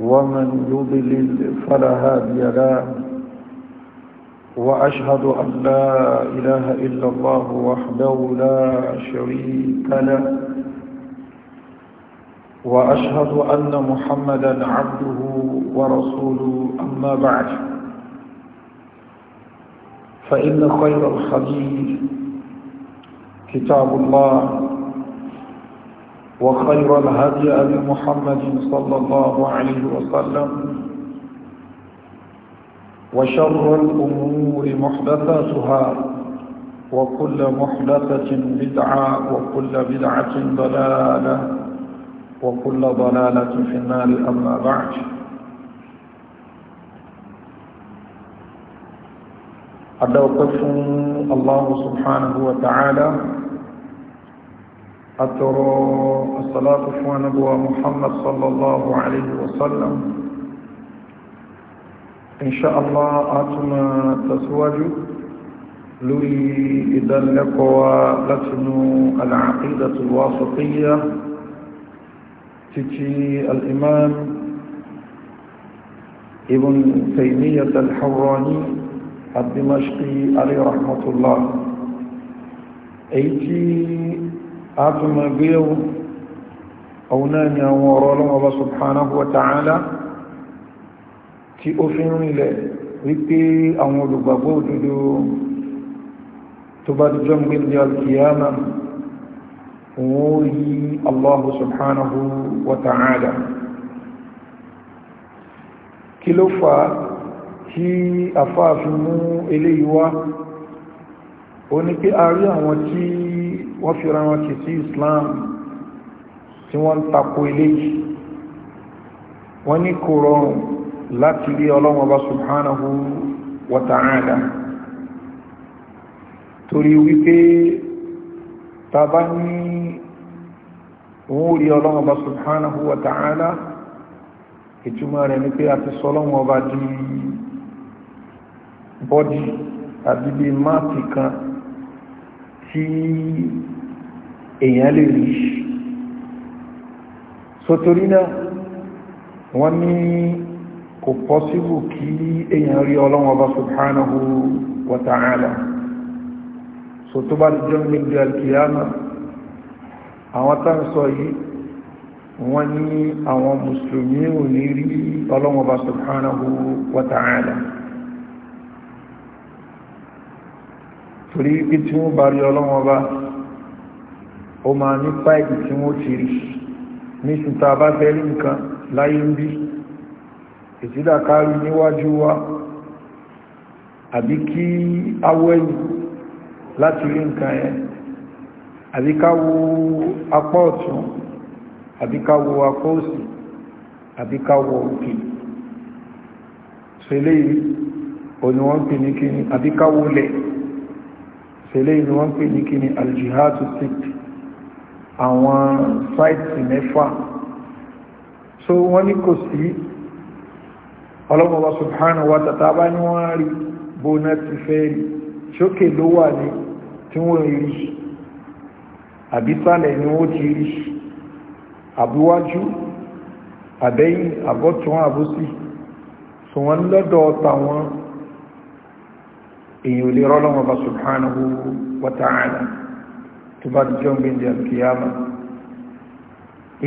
ومن يضلل فلا هادي له وأشهد أن لا إله إلا الله وحده لا شريك له وأشهد أن محمدا عبده ورسوله أما بعد فإن خير الخليل كتاب الله وخير الهدي أبي محمد صلى الله عليه وسلم وشر الأمور محدثاتها وكل محدثة بدعة وكل بدعة ضلالة وكل ضلالة في النار أما بعد أدوقف الله سبحانه وتعالى أترى الصلاة ونبوة محمد صلى الله عليه وسلم إن شاء الله أتنا تسواج لي إذا لقوا لتن العقيدة الواسطية تجي الإمام ابن تيمية الحراني الدمشقي عليه رحمة الله أيتي àtùmọ̀ gbéyàwó ọ̀hún náà ni àwọn ọ̀rọ̀ ọlọ́wọ́ bá subhanahu wa ta'ala ti ofin rile ń awon wípé àwọn to ba tó bá ti jọm gbé ní alkiyama wọ́n allahu subhanahu wa ta'ala kí ló fa kí afáàfin mú eléyìí wá o ní pé a rí àwọn tí wọ́n fi ra wọn kì sí islam tí wọ́n ń tako eléyìí wọ́n ní kò rọrùn láti rí ọlọ́run ọba subhanahu wa ta'ala torí wípé tàbá ní òun rí ọlọ́run subhanahu wa ta'ala ìtumọ̀ rẹ̀ ní pé a ti sọ ọlọ́run di bọ́dì àbíbí máàpì kan tí èèyàn lè rí sotori náà wọ́n ní kò pọ́síbù kí èèyàn rí ọlọ́wọ́ bá subhanahu wa ta'ala so tó bá jọ nígbà alkiyama àwọn tán sọ yìí wọ́n ní àwọn musulmi ò ní rí ọlọ́wọ́ bá subhanahu wa torí pé tí wọ́n bá rí ọlọ́wọ́ bá subhanahu ó máa ní páìpì tí wọ́n ti rí ní ṣùta bá fẹ́rí nǹkan láyé ń bí ìsídàkárí níwájú wa àbí kí awẹ́yìn láti rí nǹkan yẹn àbí káwo apá ọ̀tún àbí káwo apá òsì àbí káwo òkè ṣẹlẹ̀ yìí òní wọ́n pè ní kíni àbí káwo lẹ̀ ṣẹlẹ̀ yìí ni wọ́n pè ní kíni aljihadu sikh àwọn sáìtì mẹ́fà so wọ́n ní kò sí ọlọ́mọba subhanahu wa ta'ala bá ní wọ́n rí bóná ti fẹ́ rí ṣókè ló wà ní tí wọ́n rí àbísàlẹ̀ ni wọ́n ti rí àbúwájú àbẹ́yìn àbọ́tún àbúsí so wọ́n lọ́dọ̀ tàwọn èèyàn lè rọ́lọ́mọba subhanahu wa ta'ala tó bá dijọ́ ń gbéǹde àkíyàmà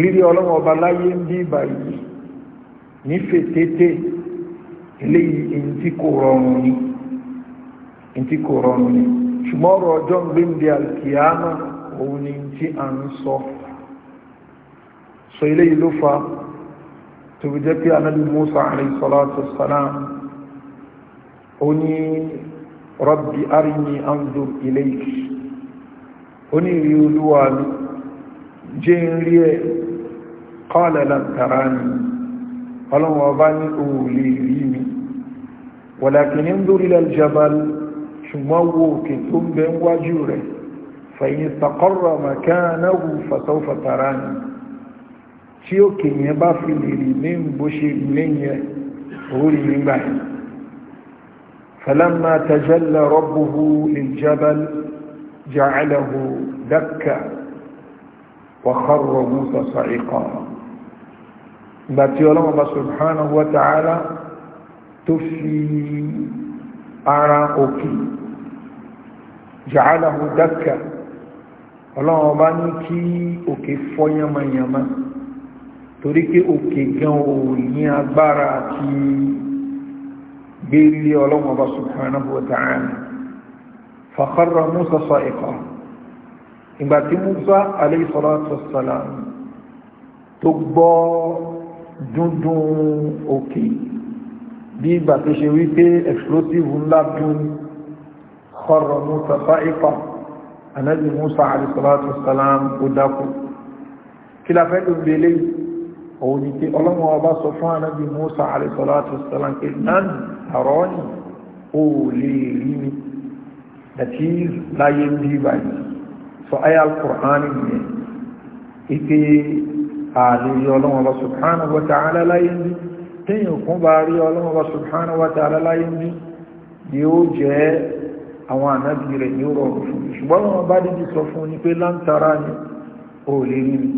rírí ọlọ́wọ́ ọba láyé ń bí ìbà yìí nífẹ̀ẹ́ tété eléyìí èyí tí kò rọrùn ni èyí tí kò rọrùn ni ṣùgbọ́n ọ̀rọ̀ ọjọ́ ń gbéǹde àkíyàmà òun ni tí à ń sọ sọ eléyìí ló fa tó fi jẹ́ pé anábì Musa alayhi salatu salam ó ní rabbi arini anzur ilayk onírí olúwa mi jẹ́ ń rí ẹ kọ́lẹ̀lá tàrà ní ọlọ́wọ́ ọba ní òun lè rí mi wàlàkì ní ń dórí lẹ́ljabal ṣùgbọ́n wo òkè tó ń bẹ wájú rẹ̀ فلما تجلى ربه للجبل جعله دكا وخر موسى صعقا باتي الله سبحانه وتعالى تفي أراؤك جعله دكا ọlọ́run ọba ní kí òkè fọ́ yánmayánmá torí pé òkè gan ò ní agbára àti gbélé ọlọ́run ọba subhanahu wa ta'ala fàkàrà musa sọ ẹ̀kọ́ ìgbà tí musa alayhi salatu wassalam tó gbọ́ dúndún òkè bí ìgbà tó ṣe wípé explosive ńlá dún kọrọ musa sọ ẹ̀kọ́ anabi musa alayhi salatu wassalam ó dákú kí la fẹ́ ló ń belé òun ni pé ọlọ́wọ́n ọba sọ fún anabi musa alayhi salatu pé náà àrọ́ ni ó lè rí mi that is láyé ń bí so ayé al-Qur'an ni ike àlèyé ọlọ́wọ́n bá subhanahu wa ta'ala láyé ń bí téèyàn kún bá rí ọlọ́wọ́n bá subhanahu wa ta'ala láyé ń bí yóò jẹ́ àwọn ànábì rẹ̀ ní ó rọrùn fún mi ṣùgbọ́n wọn bá dídí sọ fún ni ó lè rí mi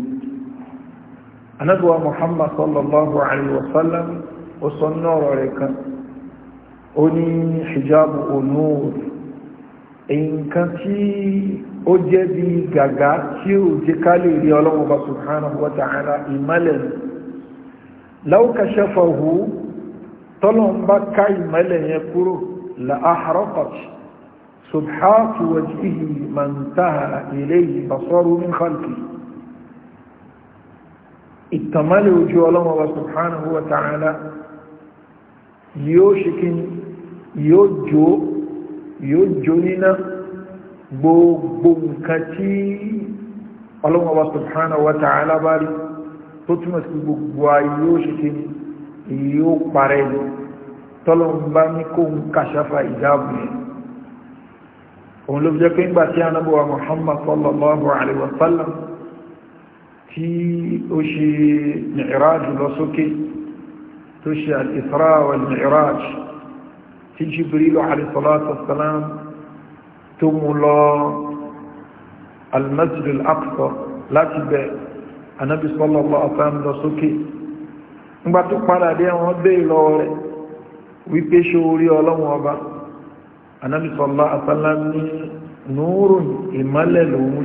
anábíwá Muhammad sallallahu alaihi wasallam ó sọ ní ọ̀rọ̀ rẹ̀ kan ó ní hijabu nǹkan tí ó jẹ́ bí gàgá tí ó jẹ́ ká lè rí ọlọ́run bá subhanahu wa ta'ala ìmọ́lẹ̀ law kashafahu tọ́lọ́n bá ká ìmọ́lẹ̀ yẹn kúrò la ahraqat subhatu wajhihi man taha ilayhi basaru min khalqi ìtàmálẹ̀ ojú ọlọ́run bá subhanahu wa ta'ala yóò ṣe kí yóò jó yóò jó níná gbogbo nǹkan tí ọlọ́wọ́ wa subhanahu wa ta'ala bá rí tó túnmọ̀ sí gbogbo ayé yóò ṣe kí yóò parẹ́ ni tọ́lọ̀mbá ní kó ń kàṣáfà ìdáàbò ẹ̀ tí jibril alayhisalatu tó lọ almasjid al-aqsa láti anabi sallallahu alaihi wasallam lọ sókè ńgbà tó padà dé wípé ọba anabi sallallahu alaihi wasallam ní nùúrùn ìmọ́lẹ̀ lòún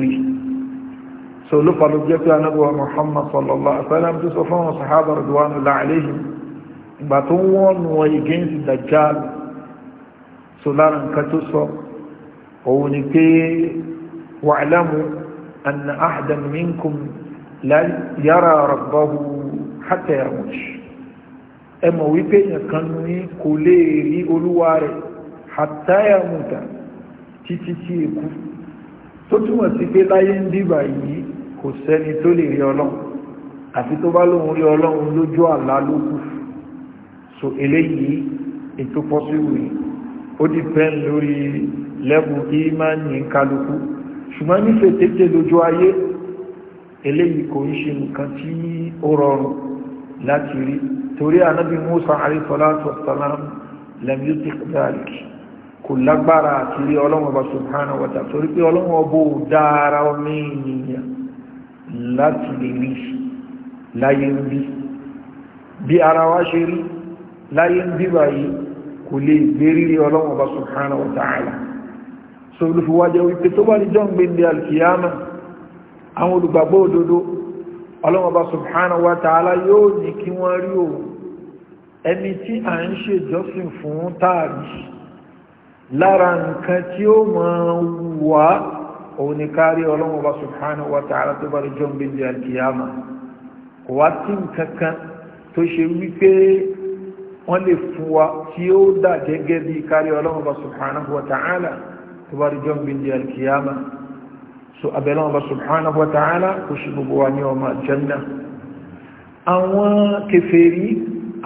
rí so ló fa ló jẹ́ pé anábọ̀ Muhammad sallallahu alaihi wasallam tó sọ fún àwọn sahaba radwanullahi alaihim ìgbà tó ń wọ́n nù wọ́n against Dajjal so lára nǹkan tó sọ òun ni pé wa'lamu anna ahadan minkum la yara rabbahu hatta ẹ mọ̀ wípé èèyàn kan ní kò lè rí olúwa rẹ̀ hatta yamuta títí tí èkú tó túmọ̀ sí pé láyé ń dìbà yìí kò sẹ́ni tó lè rí ọlọ́run àti tó bá lóun rí ọlọ́run lójú àlá ló kù so eléyìí ètò pọ́síwò yìí ó di pẹ́ẹ́n lórí lẹ́bù ìmánì kálukú ṣùgbọ́n nífẹ̀ẹ́ tètè lójú ayé eléyìí kò ń ṣe nǹkan tí ó rọrùn láti rí torí ànábì Musa alayhi salatu wassalam lam kò lágbára àti rí ọlọ́run ọba subhanahu wa ta'ala torí pé ọlọ́run ọba dára ọmọ ènìyàn láti lè rí láyé ń bí bí ara wá ṣe rí láyé ń bí báyìí kò lè gbé rírí ọlọ́wọ́n bá subhanahu wa ta'ala so olùfiwájẹ́ wípé tó bá ní jọ́ ń gbé ní alkiyama àwọn olùgbàgbọ́ òdodo ọlọ́wọ́n bá subhanahu wa ta'ala yóò ní kí wọ́n rí o ẹni tí a ń ṣe jọ́sìn fún tààrí lára nǹkan tí ó máa wà òun ni kárí ọlọ́run wa subhanahu wa ta'ala tó bá rí jọ́ bí ní alkiyama kò wá tí nǹkankan tó ṣe wípé wọ́n lè fún wa tí ó dà gẹ́gẹ́ bí kárí ọlọ́run wa subhanahu wa ta'ala tó bá rí jọ́ bí ní alkiyama so abẹ́lẹ́ ọba wa ta'ala kò ṣe gbogbo wa ní ọmọ aljanna àwọn kèfèrí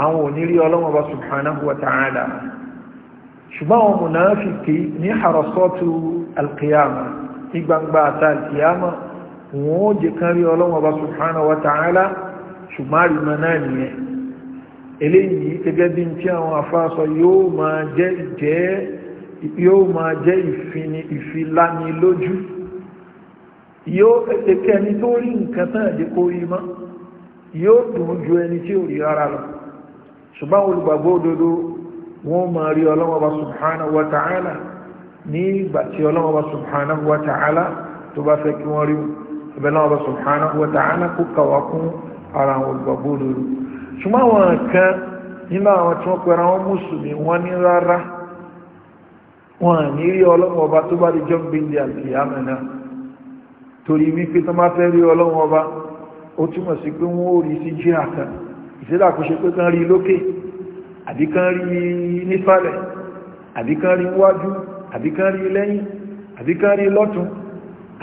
àwọn onírí ọlọ́run ọba wa ta'ala ṣùgbọ́n àwọn munafiki ní harasọ́tù alkiyama ní gbangba àtàlìyàmọ̀ wọn ó jẹ kan rí ọlọ́wọ́ bá subhanahu wa ta'ala ṣùgbọ́n àrìmọ̀ náà nìyẹn eléyìí gẹ́gẹ́ bí tí àwọn afáàsọ yóò máa jẹ́ ìjẹ́ yóò máa jẹ́ ìfini ìfilanilójú yóò ẹ̀kẹ́ ẹni tó rí nǹkan tán àjẹ́ kó rí mọ́ yóò dùn ju ẹni tí ò rí rárá lọ ṣùgbọ́n olùgbàgbọ́ òdodo wọn máa rí ọlọ́wọ́ bá subhanahu wa ní ìgbà tí ọlọ́wọ́ bá subhanahu wa ta'ala tó bá fẹ́ kí wọ́n rí ẹ̀bẹ̀ náà bá subhanahu wa ta'ala kó kàwá kún ara àwọn olùgbàgbọ́ olóró ṣùgbọ́n àwọn kan nínú àwọn tí wọ́n pẹ̀lú àwọn mùsùlùmí wọ́n ní rárá wọn ní rí ọlọ́wọ́ ọba tó bá di jọ́ gbélé àlùkìyàmẹ̀ náà torí wípé tó àkóṣe pé kan rí lókè àbí rí nísàlẹ̀ àbí rí wájú àbí kán rí lẹ́yìn àbí kán lọ́tún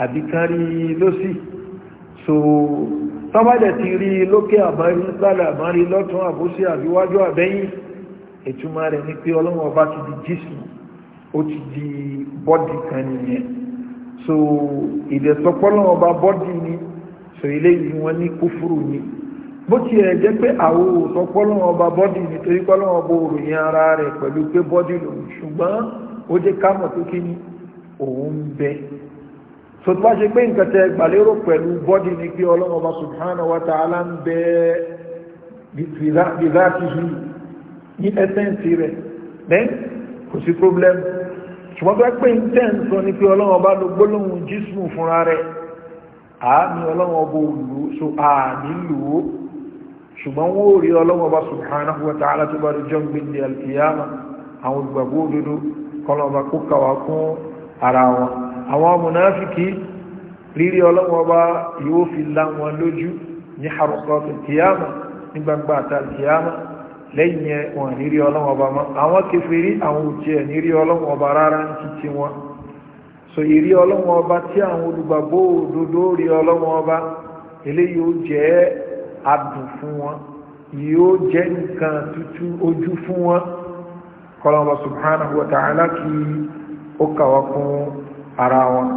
àbí kán so tọ́bàdẹ̀ ti rí lókè àbárí gbàdà àbárí lọ́tún àbúsí àbíwájú àbẹ́yìn ìtumọ̀ rẹ̀ ni pé ọlọ́run ọba ti di jísù ó ti di bọ́dì kan nìyẹn so ìdẹ̀sọpọ́lọ́run ọba bọ́dì ni so ilé yìí wọ́n ní kúfúrú ni bó ti ẹ̀ jẹ́ pé àwọn òsọpọ́lọ́run ọba bọ́dì nítorí pọ́lọ́run ọba òròyìn ara rẹ̀ pẹ̀lú pé bọ́dì lòun ṣùgbọ́n ó jẹ́ ká mọ̀ tó kí ni òun bẹ so tó bá ṣe pé nǹkan tẹ gbàlérò pẹ̀lú bọ́dì ni pé ọlọ́run ọba subhanahu wa ta'ala ń bẹ bìláàtìhì ní ẹsẹ̀ǹsì rẹ̀ then kò sí problem ṣùgbọ́n tó pé tẹ́ ń sọ ni pé ọlọ́run ọba ló gbólóhùn jísùn fúnra rẹ̀ àmì ọlọ́run ọba òlù so àmì lò ó ṣùgbọ́n wọ́n ò rí ọlọ́run ọba subhanahu wa ta'ala tó bá rí jọ́ gbé ní alkiyama àwọn olùgbàgbọ́ òdodo kọlọ̀ọ̀bà kó kàwà fún ara wọn àwọn mùnáfíkì rírí ọlọ́wọ́ba yóò fi lá wọn lójú ní harukọ́tù kìyàmà ní gbangba àtà kìyàmà lẹ́yìn wọn rírí ọlọ́wọ́ba àwọn àwọn òjẹ́ rí ọlọ́wọ́ba rárá so rí kọlọ́wọ́ subhanahu wa ta'ala kí ó kàwà fún ara wọn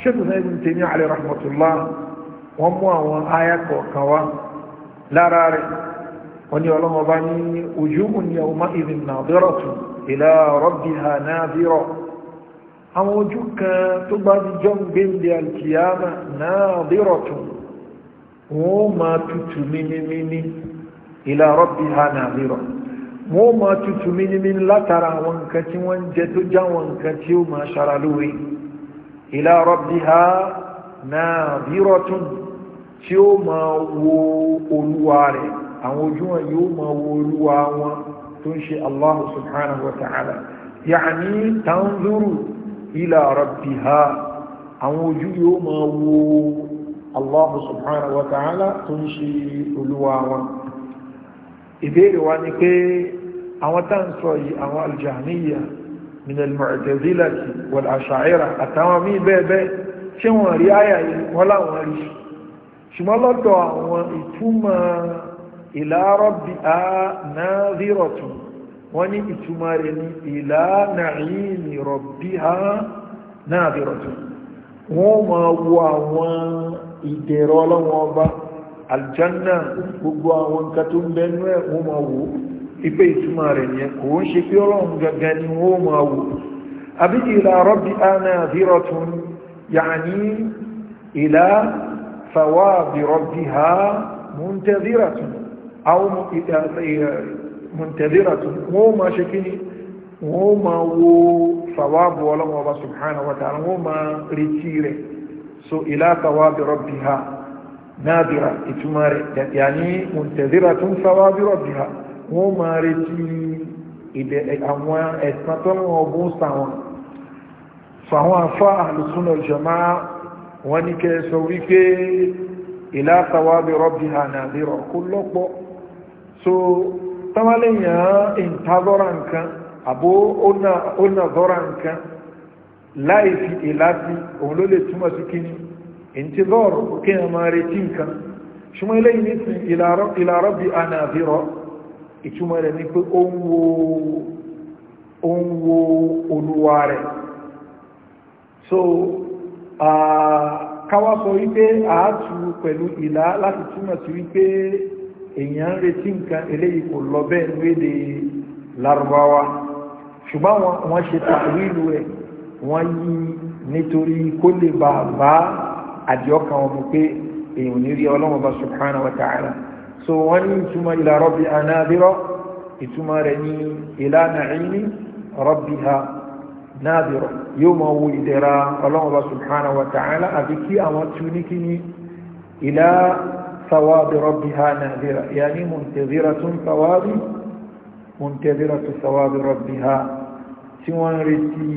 ṣẹ́kùn náà ibùn tèmi alẹ́ rahmatullah wọ́n mú àwọn aya kọ̀ọ̀kan wá lára rẹ̀ wọ́n ni ọlọ́wọ́ bá ní wujuhun yawma idhin nadiratun ila rabbiha nadira àwọn ojú kan tó bá di jọ́ gbéǹdẹ̀ alkiyama nadiratun wọ́n máa tutù mímímí ila rabbiha nadira wọ́n máa tutù mímímí látara àwọn nǹkan tí wọ́n ń jẹ tó já wọn nǹkan tí ó máa ṣara lóore ila rabbiha nadiratun tí ó máa wo olúwa rẹ̀ àwọn ojú wọn yóò máa wo olúwa wọn tó ń ṣe Allahu subhanahu wa ta'ala ya'ni tanzuru ila rabbiha àwọn ojú yóò máa wo Allahu subhanahu wa ta'ala tó ń ṣe olúwa wọn ìbéèrè wa ni pé àwọn táǹsọ̀ yìí àwọn aljahmiya min al-mu'tazilati wal ash'ira àtàwọn míì bẹ́ẹ̀ bẹ́ẹ̀ ṣé wọ́n rí àyà yìí wọ́n láwọn rí ṣùgbọ́n lọ́dọ̀ àwọn ìtumọ̀ ila rabbiha nadhiratun wọ́n ní ìtumọ̀ rẹ̀ ní ila na'imi rabbiha nadhiratun wọ́n máa wo àwọn aljanna gbogbo àwọn nǹkan tó ń bẹnu ẹ̀ wọ́n máa wò ipe ìtumọ̀ rẹ̀ yẹn kò ń ṣe pé ọlọ́run gangan ni wọ́n máa wò àbí ìlà rọ́bì ánà àdírọ̀tún yàní ìlà fàwáàbì rọ́bì ha mùntẹ́dírọ̀tún àwọn mùntẹ́dírọ̀tún wọ́n máa ṣe kíni wọ́n máa wo fàwáàbù ọlọ́run ọba subhanahu wa ta'ala wọ́n máa retí rẹ̀ so ìlà fàwáàbì rọ́bì ha náàbìrà ìtumọ̀ rẹ̀ yàní mùtẹ̀zíra tó ń sáwábìrọ̀ bìrà wọ́n máa retí àwọn ẹ̀sán tó wọ́n ọgbọ́n sàwọn sàwọn afá àlùsùn ọ̀jọ̀má wọ́n ní kẹ́ sọ wípé ìlà sáwábìrọ̀ bìrà náàbìrọ̀ kó lọ́pọ̀ so tọ́wálẹ̀yàn ìntàzọ́ra nǹkan àbó ó nà zọ́ra nǹkan láì fi ìlà sí òun ló lè intizor kí ẹ máa retí nǹkan ṣùgbọ́n ilé yìí nísìn ila rabbi anadhira ìtumọ̀ rẹ̀ ní pé ó so káwá sọ wípé àátù pẹ̀lú ìlà láti túmọ̀ sí wípé èèyàn ń retí nǹkan eléyìí kò lọ bẹ́ẹ̀ ní èdè Lárúbáwá ṣùgbọ́n wọ́n ṣe tàwílù rẹ̀ wọ́n yí nítorí kó lè bàbá àdìọ́kàn wọn pé èèyàn ní rí ọlọ́run ọba subhanahu wa so wọ́n ní ìtumọ̀ ila rabbi anadira ìtumọ̀ rẹ̀ ní ila na'imi rabbiha nadira yóò máa wo ìdẹ̀ra ọlọ́run ọba subhanahu wa ta'ala àbí kí àwọn tún ní kí ní ila ثواب ربها ناذرة يعني منتظرة ثواب منتظرة ثواب ربها سوى رتي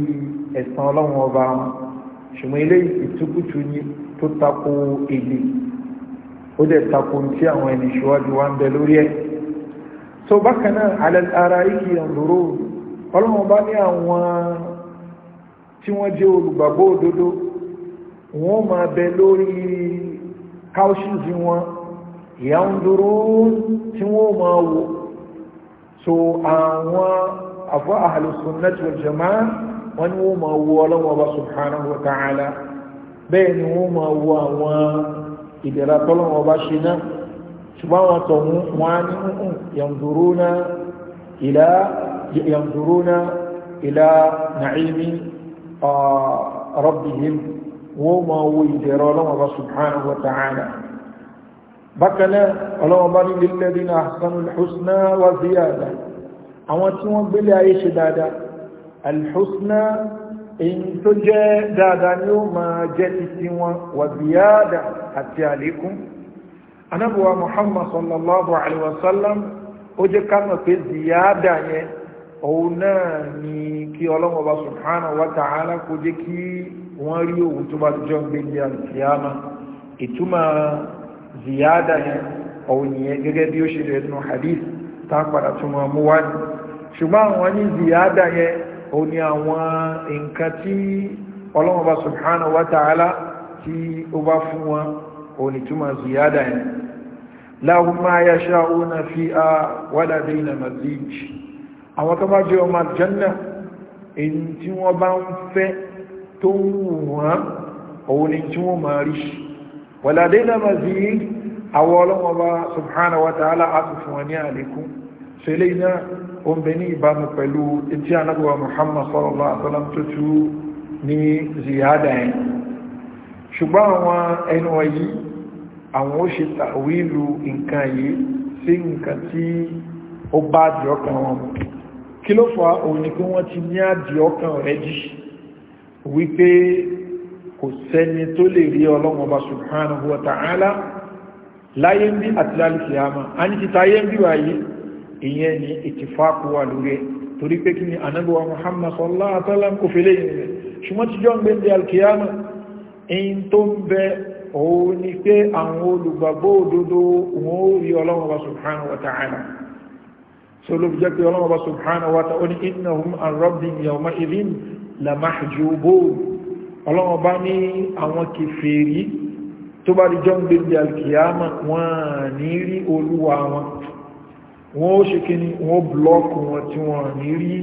اسم الله وبعض شميلي اتكتني tó tako èdè ó dẹ̀ tako tí àwọn ẹni ṣíwájú wá ń bẹ lórí ẹ̀ so bákan náà alẹ́ ara ikì ìrànlóró ọlọ́run bá ní àwọn tí wọ́n jẹ́ olùgbàgbọ́ òdodo wọ́n máa bẹ lórí káúṣìsì wọn ìyá ń dúró tí wọ́n máa wò so àwọn àfọ́ ahlus sunnah wal jamaa wọ́n ni wọ́n máa wò ọlọ́run ọba subhanahu wa ta'ala. ala bẹ́ẹ̀ ni wọ́n máa wo àwọn ìdẹ̀ra tọ́lọ́wọ́ bá ṣe náà ṣùgbọ́n àwọn tọ̀hún wọn á ní hùn yanzuruna ila yanzuruna ila na'imi rabbihim wọ́n máa wo ìdẹ̀ra ọlọ́wọ́ bá subhanahu wa ta'ala bákanáà ọlọ́wọ́ bá ní lilladhina ahsanul husna wa ziyada àwọn tí wọ́n gbélé ayé ṣe dáadáa alhusna èyí tó jẹ́ dáadáa ni ó máa jẹ́ títí wọn wà bíyádà àti àlékún anábùwà muhammad sallallahu alaihi wasallam ó jẹ́ kánà pé ziyádà yẹn òun náà ni kí ọlọ́wọ́ bá subhanahu wa ta'ala kó jẹ́ kí wọ́n rí òun tó bá jọ gbéjì alkiyama ìtumọ̀ ó ní àwọn nǹkan tí ọlọ́mọba subhanahu wa ta'ala tí ó bá fún wọn ó ní túmọ̀ ziyada yẹn lahum ma yasha'una fiha wa ladayna mazid àwọn tó bá jẹ́ ọmọ janna èyí tí wọ́n bá ń fẹ́ tó wù wọ́n òun ni tí wọ́n máa rí wa ladayna mazid àwọn ọlọ́mọba subhanahu wa ta'ala á tún fún wọn ní àlékún sẹ́lẹ̀ iná o ń bẹ ní ìbámu pẹ̀lú etí anábíwa Muhammad sallallahu alaihi wasallam tó ní ziyada ẹ̀ ṣùgbọ́n àwọn ẹnu wọ̀nyí àwọn ó ṣe tàwílù nǹkan yìí sí nǹkan tí ó bá àdìọ́kàn wọn mú kí ló fà òun ni wọ́n ti ní àdìọ́kàn rẹ̀ jì wípé kò sẹ́ni tó lè rí ọlọ́run subhanahu wa ta'ala láyé ń bí àti lálùkìyàmá a ní ti tayé ń bí wáyé ìyẹn ni ìtìfáàkù wà lórí torí pé kí ni anábíwa Muhammad sallallahu alaihi wasallam kò fi léyìn rẹ̀ ṣùgbọ́n tí john gbẹ́ndẹ̀ alkiyama in tó ń bẹ òun ni pé àwọn olùgbàgbọ́ òdodo wọn ó rí ọlọ́wọ́ subhanahu wa ta'ala so ló fi jẹ́ pé ọlọ́wọ́ subhanahu wa ta'ala innahum an rabbihim yawma idhin la mahjubun ọlọ́wọ́ bá ní àwọn kèfèrí tó bá di john gbẹ́ndẹ̀ alkiyama wọ́n ní rí olúwa wọn wọ́n ó ṣe kíní wọ́n blọ́ọ̀kù wọn tí wọ́n ní rí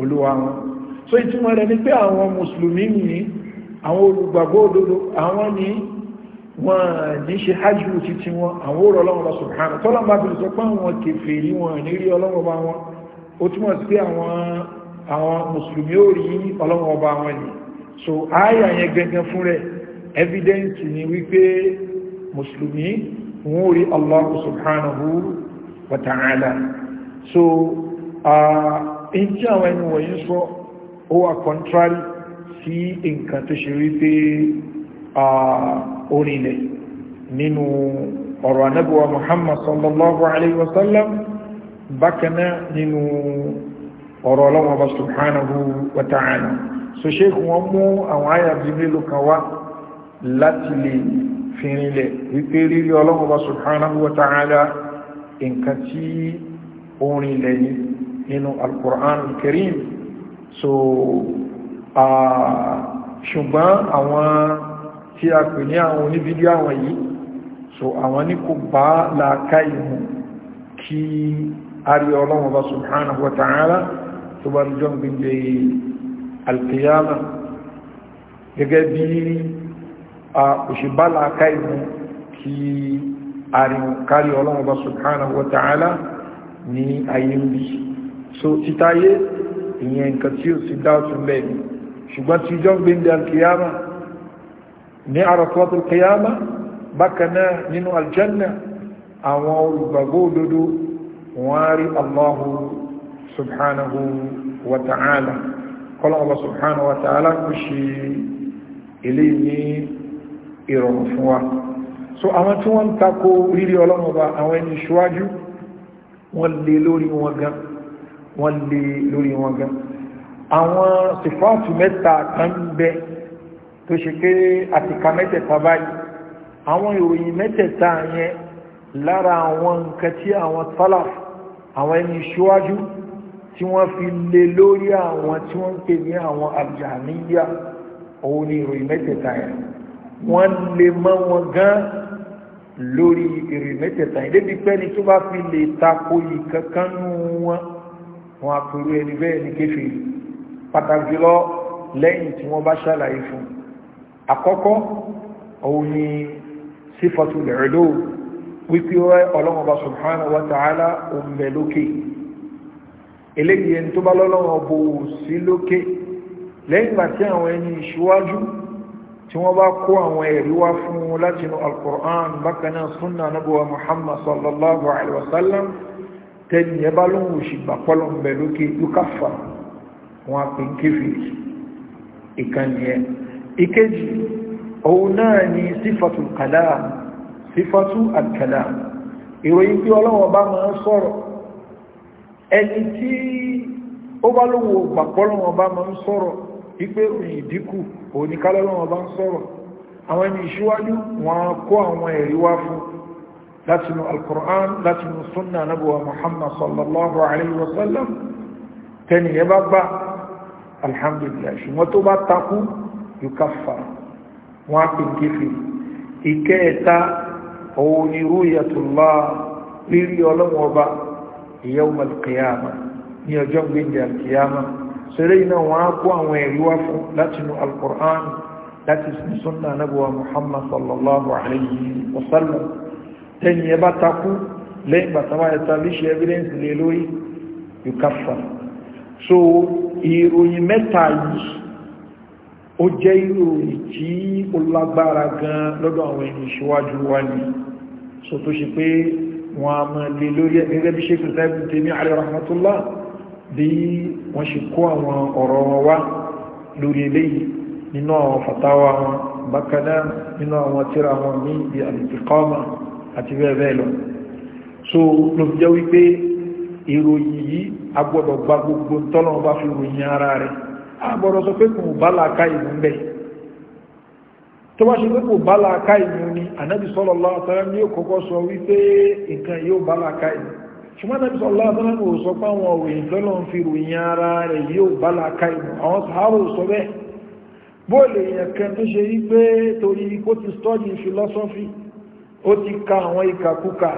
olúwa wọn so ìtumọ̀ rẹ̀ ní pé àwọn mùsùlùmí ní àwọn olùgbàgbọ́ òdodo àwọn ní wọ́n ní ṣe hajjú títí wọn àwọn òrò ọlọ́run lọ́sùn hàn tọ́lọ́mbà bí sọ pé àwọn kèfèrí wọn ní rí ọlọ́run bá wọn ó túmọ̀ sí pé àwọn àwọn mùsùlùmí ó rí ọlọ́run ọba wọn ni so ààyà yẹn gẹ́gẹ́ fún rẹ̀ evidence ni wípé mùsùlùmí wọn ó rí Allah subhanahu wa ta'ala so èyí uh, tí àwọn ẹni wọ̀nyí sọ ó wà contrary sí nǹkan tó ṣe rí pé uh, orílẹ̀ nínú ọ̀rọ̀ anábíwa muhammad sallallahu alaihi wasallam bákaná nínú ọ̀rọ̀ ọlọ́wọ́ bá subhanahu wa ta'ala so sheikh wọn mú àwọn àyà bíbélò kan láti lè fi rinlẹ̀ wípé rírí ọlọ́wọ́ subhanahu wa nǹkan tí orin lẹ́yìn nínú al-Qur'an al-Karim so ṣùgbọ́n àwọn tí a pè ní àwọn oníbídí àwọn yìí so àwọn ní kò bá láàká ìmú kí a rí ọlọ́run ọba subhanahu wa ta'ala tó bá rí gbígbé al gẹ́gẹ́ bí a òṣìbá láàká ìmú kí ariwo kárí ọlọ́run bá subhanahu wa ta'ala ní ayé ń bí so títáyé ìyẹn nǹkan tí ó sì dáàtún lẹ́ẹ̀mí ṣùgbọ́n tí ìjọ ń gbé ní alkiyama ní àràfọ́tò alkiyama bákanáà nínú aljanna àwọn olùgbàgbọ́ òdodo wọ́n allahu subhanahu wa ta'ala kọ́lọ́run subhanahu wa ta'ala kò ṣe eléyìí ní ìrọ̀rùn fún wa so àwọn tí wọ́n ń tako rírí ọlọ́run ọba àwọn ẹni ṣíwájú wọ́n lè lórí wọn gan wọ́n lè lórí wọn gan àwọn sífáàtù mẹ́ta kan ń bẹ tó ṣe pé àtìkà mẹ́tẹ̀ẹ̀ta báyìí àwọn ìròyìn mẹ́tẹ̀ẹ̀ta yẹn lára àwọn nǹkan tí àwọn salaf àwọn ẹni ṣíwájú tí wọ́n fi lè lórí àwọn tí wọ́n ń pè ní àwọn àjàmíyà òun ni ìròyìn mẹ́tẹ̀ẹ̀ta yẹn wọ́n lè mọ́ wọn gan lórí èrè mẹ́tẹ̀ẹ̀ta yìí débi pẹ́ni tó bá fi lè tako yìí kankan nù wọn wọn àpèrú ẹni bẹ́ẹ̀ ni kéfèé pàtàkì jùlọ lẹ́yìn tí wọ́n bá ṣàlàyé fún un òun ni sífàtú lẹ́rẹ̀ló wípé ọlọ́mọba subhanahu wa ta'ala òmìnbẹ̀ lókè eléyìí ẹni tó bá lọ́lọ́wọ́ bò sí lókè lẹ́yìn gbà tí àwọn ẹni ìṣíwájú tí wọ́n bá kó àwọn ẹ̀rí wá fún un láti inú alkùrán bákaná súnà nábúwa muhammad sallallahu alaihi wasallam tẹ́lì yẹ bá lóhun òṣìgbà pọ́lọ̀ ń bẹ lókè yúkàfà wọn a pè ń kéfì òun náà ni sífàtù kàdáà sífàtù àkàdáà ìròyìn pé ọlọ́wọ́ bá máa sọ̀rọ̀ ẹni tí ó bá lóhun ògbà bá máa sọ̀rọ̀ wípé ròyìn ìdínkù oníkálọ́rọ̀ wọn bá ń sọ̀rọ̀ àwọn ẹni ìṣíwájú wọn kó àwọn ẹ̀rí wá fún látinú alkùrán látinú súnnà nábúwa muhammad sallallahu alayhi wa sallam tẹniyẹ bá gbá alhamdulillah ṣùgbọ́n tó bá takú sẹ́rẹ́ iná wọn á kó àwọn ẹ̀rí wá fún látinú alkur'an láti sunna anábọ̀wá muhammad sallallahu alayhi wa sallam tẹ́ni ẹ bá takú lẹ́yìn bàtàwà establish evidence lè lórí yukafa so ìròyìn mẹ́ta yìí ó jẹ́ ìròyìn tí ó lágbára gan lọ́dọ̀ àwọn ẹni ìṣíwájú wa ní so tó ṣe pé wọ́n a mọ̀ lè lórí ẹgbẹ́ bí ṣe kìrìtẹ́bù tèmi àrẹ rahmatullah bí wọ́n ṣe kó àwọn ọ̀rọ̀ wọn wá lórí eléyìí nínú àwọn fatawa wọn bákanáà nínú àwọn tíra wọn ní ibi àlìtìkọ́mà àti bẹ́ẹ̀ bẹ́ẹ̀ lọ so ló fi jẹ́ wípé ìròyìn yìí agbọ́dọ̀ gba gbogbo tọ́lọ̀ bá fi ròyìn ara rẹ̀ agbọ́dọ̀ sọ pé kò bá làákà ìlú ń bẹ̀ tó bá ṣe pé kò bá làákà ìlú ni ànábì sallallahu alaihi wasallam ní òkòkò sọ wípé nǹkan yóò bá làákà ìlú ṣùgbọ́n tàbí sọ lábára ní òsọ páwọn òròyìn lọ́lọ́ fi ròyìn ara rẹ̀ yóò bá làkà ìmọ̀ àwọn sàárò sọ bẹ́ẹ̀ bóòlù èèyàn kan tó ṣe rí pé torí kó ti stọ́dì philosophy ó ti ka àwọn ìkàkùkà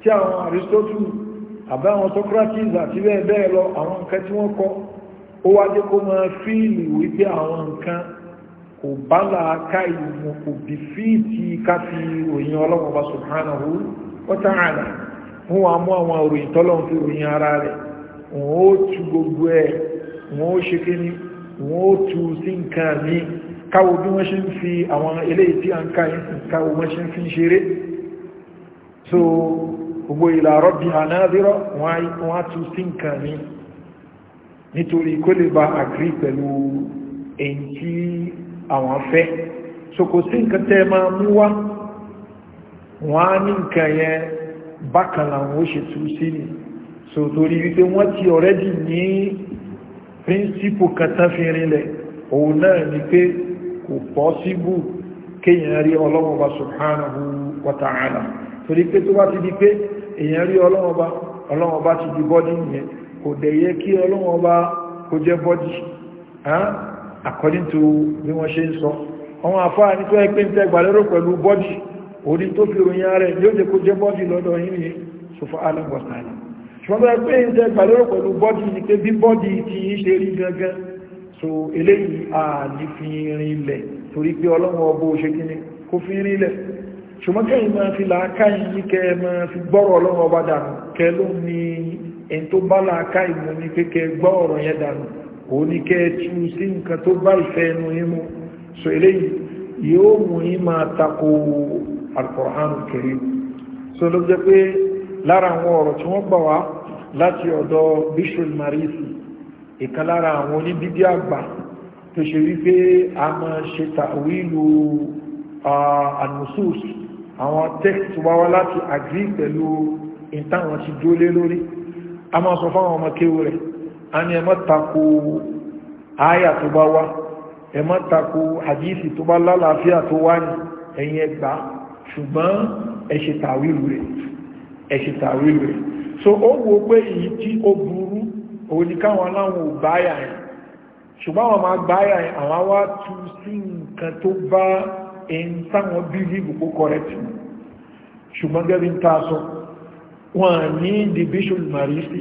tí àwọn aristotle àbá àwọn socrates àti bẹ́ẹ̀ bẹ́ẹ̀ lọ àwọn nǹkan tí wọ́n kọ́ ó wá dé kó máa fíìlì wípé àwọn nǹkan kò bá làkà ìmọ̀ kò bí fíìtì ká fi ròyìn ọlọ́wọ́ bá subhanahu wa ta'ala wọn wà mú àwọn òròyìn tọ́lọ́run fi ròyìn ara rẹ̀ wọn ó tu gbogbo ẹ̀ wọn ó ṣe kí ni wọn ó tu sí nǹkan mi káwo bí wọ́n ṣe ń fi àwọn eléyìí tí a ń ká yín káwo wọ́n ṣe ń fi ṣeré so gbogbo ìlà rọ́bì ànáàdírọ̀ wọ́n á tu sí nǹkan mi nítorí kó lè ba àgírí pẹ̀lú èyí tí àwọn fẹ́ so kò sí nǹkan tẹ́ máa mú wá wọ́n á ní nǹkan yẹn bákan làwọn ó ṣe tú sí ni so torí wípé wọ́n ti ọ̀rẹ́dì ní príncipù kàtà fi rinlẹ̀ òun náà ni pé kò pọ́síbù kéèyàn rí ọlọ́wọ́ bá subhanahu wa ta'ala torí pé tó bá ti di pé èèyàn rí ọlọ́wọ́ bá ọlọ́wọ́ ti di bọ́dí nìyẹn kò dẹ̀ yẹ kí ọlọ́wọ́ bá jẹ́ bọ́dí according to bí wọ́n ṣe ń sọ àwọn àfáà ní tó ẹgbẹ́ ń tẹ́gbà lérò pẹ̀lú bọ́dí orí tó fi ròyìn ààrẹ yóò jẹ́ kó jẹ́ bọ́dì lọ́dọ̀ yìí ní ṣùfọ́ alágbọ̀sáàlì ṣùgbọ́n pé ń jẹ́ gbàlérò pẹ̀lú bọ́dì ní pé bí bọ́dì ti ń ṣe rí gangan so eléyìí ààlì fi rin ilẹ̀ torí pé ọlọ́run ọbọ̀ ṣe kí ni kó fi rin ilẹ̀ ṣùgbọ́n kẹ́yìn máa fi làákàyìn ní kẹ́ máa fi yóò mú yín máa tako alkùránù kìrì so ló jẹ́ pé lára àwọn ọ̀rọ̀ tí wọ́n gbà wá láti ọ̀dọ̀ bishul marisi ìkan lára àwọn oníbíbí àgbà tó ṣe wípé a máa ṣe tàwílù anusus àwọn text wá wá láti agree pẹ̀lú ìtàwọn ti dólé lórí a máa sọ fáwọn ọmọ kéwò rẹ̀ a ní ẹmọ́ tako áyà tó bá wá ẹmọ́ tako hadisi tó bá lálàáfíà tó wá ní ẹ̀yìn ẹgbàá ṣùgbọ́n ẹ̀ṣẹ̀ tàwílù rẹ̀ ẹ̀ṣẹ̀ tàwílù rẹ̀ so ó wo pé èyí tí ó burú òun ni káwọn aláwọn báyà ẹ̀ ṣùgbọ́n àwọn máa báyà ẹ̀ àwọn wá tú sí nǹkan tó bá ẹni táwọn bí ní ìbùkó kọrẹ́tì ṣùgbọ́n gẹ́bí ń ta wọ́n ní the bishop marisi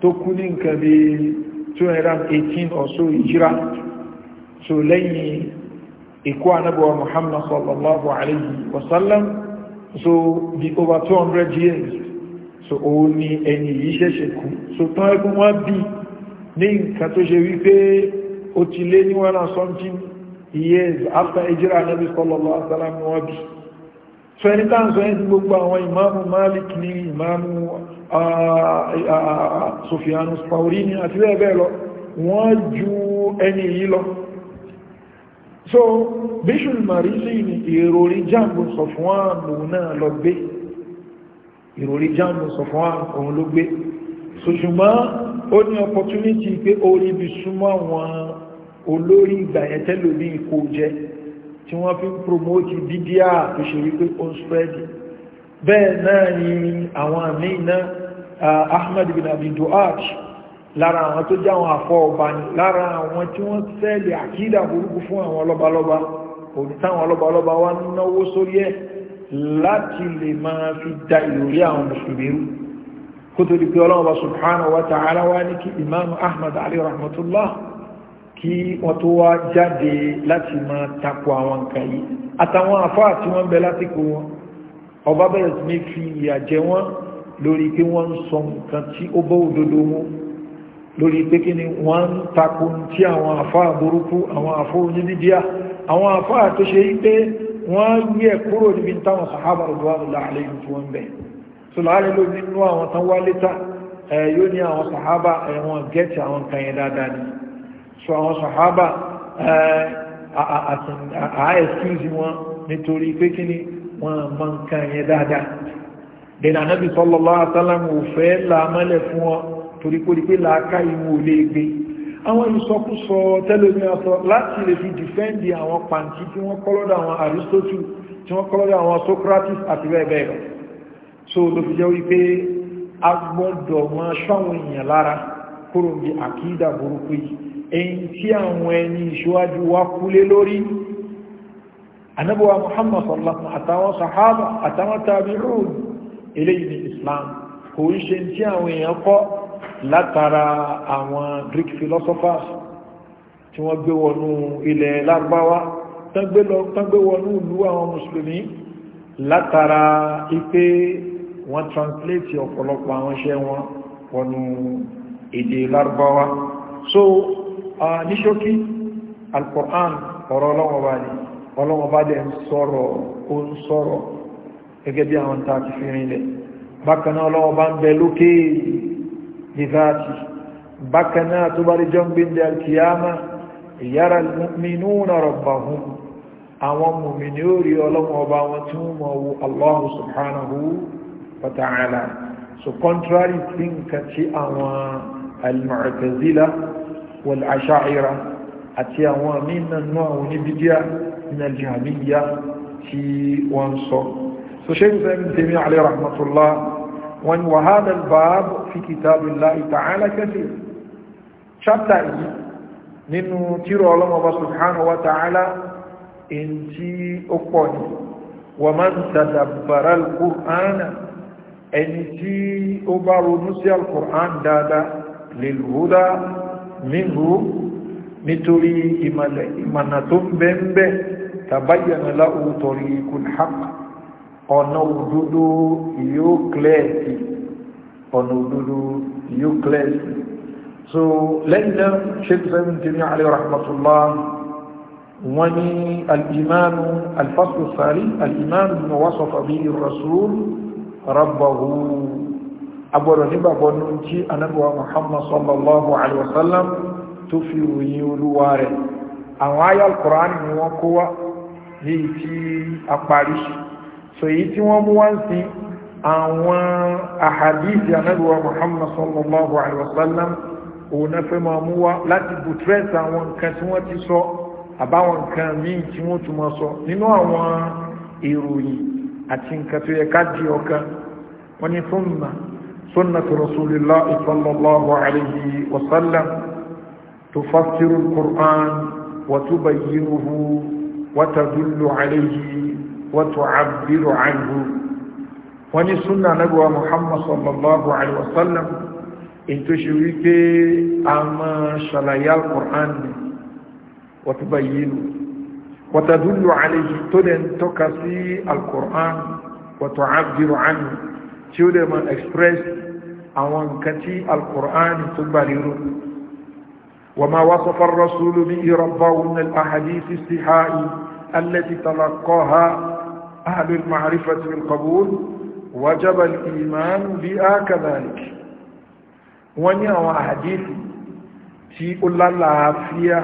tó kú ní nǹkan bí 218 or so ìjírá so lẹ́yìn ikú anábọ̀wà muhammad sallallahu alayhi wa sallam so di over 200 years so òun ni ẹni yìí ṣẹ̀ṣẹ̀ kú so tán ẹkùn wọ́n bí ní nǹkan tó ṣe wípé ó ti lé ní wọ́n náà something years after ejira anábì sallallahu alayhi wa sallam so ẹni tá sọ ẹni gbogbo àwọn ìmáàmù malik ní ìmáàmù sofianus paulini àti bẹ́ẹ̀ bẹ́ẹ̀ lọ wọ́n ju ẹni yìí lọ so bishul marili ni ìròrí jambu sọfúnwán òun náà lọ gbé ìròrí jambu sọfúnwán òun ló gbé so ṣùgbọ́n ó ní opportunity pé ó rí ibi súnmọ́ àwọn olórí ìgbà yẹn tẹ́lómi ìkó jẹ́ tí wọ́n fi ń promote bídíà tó ṣe wípé ó ń spread bẹ́ẹ̀ náà ni àwọn àmì náà ahmed bin abdul duhaj lára àwọn tó jẹ́ àwọn àfọ́ ọba ni lára àwọn tí wọ́n sẹ́ẹ̀lì àkídà burúkú fún àwọn ọlọ́balọ́ba òní táwọn ọlọ́balọ́ba wá náwó sórí ẹ̀ láti lè máa fi da ìròrí àwọn mùsùlùmí kó tó di pé ọlọ́wọ́ subhanahu wa ta'ala wá ní kí imamu ahmad ali rahmatullah kí wọ́n tó wá jáde láti máa takò àwọn nǹkan yìí àtàwọn àfáà tí wọ́n bẹ lásìkò wọn ọba bẹ̀rẹ̀ sí ní fi ìyà wọn lórí pé wọ́n ń sọ nǹkan tí ó bọ́ òdodo wọn lórí pé kí ni wọ́n ń takò tí àwọn àfáà burúkú àwọn àfọ́ onídídíá àwọn àfáà tó ṣe pé wọ́n yẹ kúrò níbi táwọn sàhábà rọ̀dọ̀wà láàrin tí wọ́n bẹ̀ so láàrin ló nínú àwọn sallallahu alaihi wasallam ò fẹ́ làmọ́lẹ̀ fún torí kó di pé làákà ìwò lè gbé àwọn ìsọkúsọ tẹ́lómi ọ̀sọ láti lè fi dìfẹ́ǹdì àwọn pàǹtí tí wọ́n kọ́lọ́dọ̀ àwọn Aristotle tí wọ́n kọ́lọ́dọ̀ àwọn Socrates àti bẹ́ẹ̀ bẹ́ẹ̀ lọ so ló fi jẹ́ wípé a gbọ́dọ̀ máa ṣọ́wọ́n èèyàn lára kúrò bí àkídà burúkú yìí èyí tí àwọn ẹni ìṣíwájú wá kúlé lórí anábọ̀wá Muhammad sallallahu àtàwọn sahaba àtàwọn tabi'un eléyìí ní Islam kò ń ṣe tí àwọn èèyàn kọ́ látara àwọn Greek philosophers tí wọ́n gbé wọnú ilẹ̀ lárúbáwá tán gbé wọnú ìlú àwọn mùsùlùmí látara ipé wọ́n translate ọ̀pọ̀lọpọ̀ àwọn iṣẹ́ wọn wọnú èdè lárúbáwá so ní ṣókí Al-Qur'an ọ̀rọ̀ ọlọ́wọ̀n bá ní ọlọ́wọ̀n bá dẹ̀ ń sọ̀rọ̀ ó ń بذاته بكنا تبر جنب القيامة يرى المؤمنون ربهم àwọn mùmìnì ó rí ọlọ́wọ́ ọba wọn tí wọ́n mọ̀ wọ Allahu subhanahu wa ta'ala so contrary tí nǹkan tí àwọn al-mu'tazila wal-asha'ira àti àwọn mínanú àwọn oníbídíà nínú jahmiyya tí wọ́n sọ so ṣe ń sẹ́yìn tèmi alayhi rahmatullah wọ́n ni wàhálà bàb fi kitabillahi ta'ala kathir chapter yìí nínú tírà ọlọ́mọba subhanahu wa ta'ala in tí ó pọ̀ ní wa man tadabbara al-Qur'an ẹni tí ó bá ronú sí al dáadáa lil huda ọ̀nà òdodo yóò kílẹ̀ẹ̀tì ọ̀nà òdodo yóò kílẹ̀ẹ̀tì so lẹ́yìn náà sheikh sẹ́yìn tí ní alẹ́ rahmatullah wọ́n ní al'imánu alfaslu sari al'imánu ni wọ́n sọ fàbí rasul rabbahu agbọ́dọ̀ nígbàgbọ́ ní tí anábíwa muhammad sallallahu alaihi wasallam tó fi ròyìn olúwa rẹ̀ àwọn ayal kùránì ni wọ́n kówá ní ti a so èyí tí wọ́n mú wá ń sí àwọn àhàdíìsì anábíwá muhammad sallallahu alaihi wasallam òun náà fẹ́ máa mú wá láti buttress àwọn nǹkan tí wọ́n ti sọ àbáwọn nǹkan míì tí wọ́n tún máa sọ nínú àwọn ìròyìn àti nǹkan tó yẹ ká di ọ̀kan wọ́n ní fún mà sunnatu rasulillah sallallahu alaihi wasallam tufassiru al-qur'an wa tubayyinuhu wa tadullu alayhi وتعبر عنه وني سنة نبوة محمد صلى الله عليه وسلم انتو شويكي اما شلايا القرآن وتبينه وتدل عليه تدن تكسي القرآن وتعبر عنه تيودي ما اكسبرس اوان كتي القرآن تبريره وما وصف الرسول به ربه من الاحاديث الصحائي التي تلقاها أهل المعرفة بالقبول وجب الإيمان بها كذلك ونعوى حديث tí ó lálàáfíà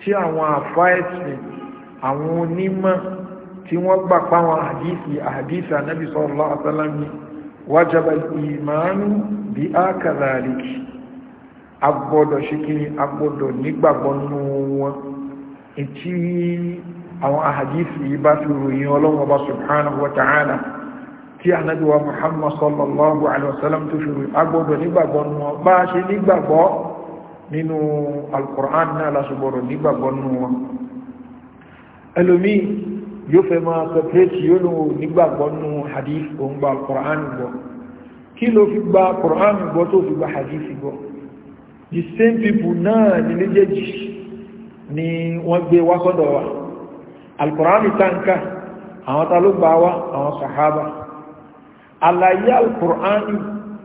tí àwọn àfá ẹ̀sìn àwọn onímọ̀ tí wọ́n gbà páwọn àdísì àdísì ànábì sallallahu alaihi wasallam wájábà ìmánú bí á kàzàríkì agbọ́dọ̀ ṣíkiri agbọ́dọ̀ nígbàgbọ́ nínú wọn ìtí àwọn ahadisi yìí bá fi ròyìn ọlọ́wọ́ bá subhanahu wa ta'ala tí ànábì wa muhammad sallallahu alaihi wasallam tó fi ròyìn agbọ́dọ̀ nígbàgbọ́ nù wọn bá a ṣe nígbàgbọ́ nínú alkur'an náà lásùgbọ́rọ̀ nígbàgbọ́ nù wọn ẹlòmí yóò fẹ́ máa separate yóò lò nígbàgbọ́ nù hadith òun gba alkur'an gbọ́ kí alkùránì tánkà àwọn talógbà wá àwọn sàhábà àlàyé alkùránì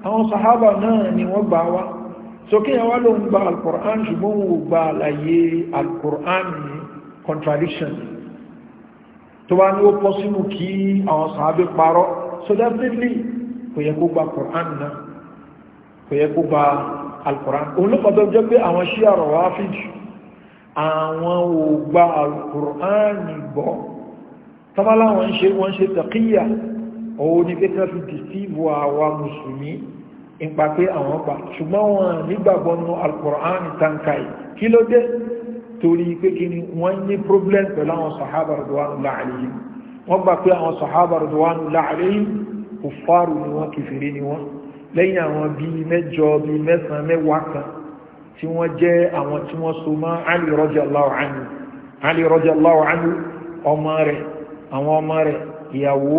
àwọn sàhábà náà ni wọ́n gbà wá sókè àwọn ló ń gba alkùránì ṣùgbọ́n wò gba àlàyé alkùránì contradiction tó bá ní ó pọ́ sínú kí àwọn sàhábà parọ́ so definitely kò yẹ kó gba alkùránì náà kò yẹ kó gba alkùránì òun ló pàtó jẹ́ pé àwọn ṣíà rọ̀wá fíjì àwọn ògbà alkùránì gbọ́ tọ́bálá wọ́n ṣe wọ́n ṣe tàkíyà òun ni pé tàbí dìstíìbù àwa mùsùlùmí ìpa pé àwọn pa ṣùgbọ́n wọn nígbàgbọ́ nínú alkùránì tankai kí ló dé torí pé kí ni wọ́n ní problem pẹ̀lú àwọn sàhábà radwanullahi alayhim wọ́n gbà pé àwọn sàhábà radwanullahi alayhim kùfárù ni wọ́n kìfèrè ni wọ́n lẹ́yìn àwọn bíi mẹ́jọ bíi mẹ́sàn-án mẹ́wàá kan tí wọ́n jẹ́ àwọn tí wọ́n so mọ́ Ali radiyallahu anhu Ali radiyallahu anhu ọmọ rẹ̀ àwọn ọmọ rẹ̀ ìyàwó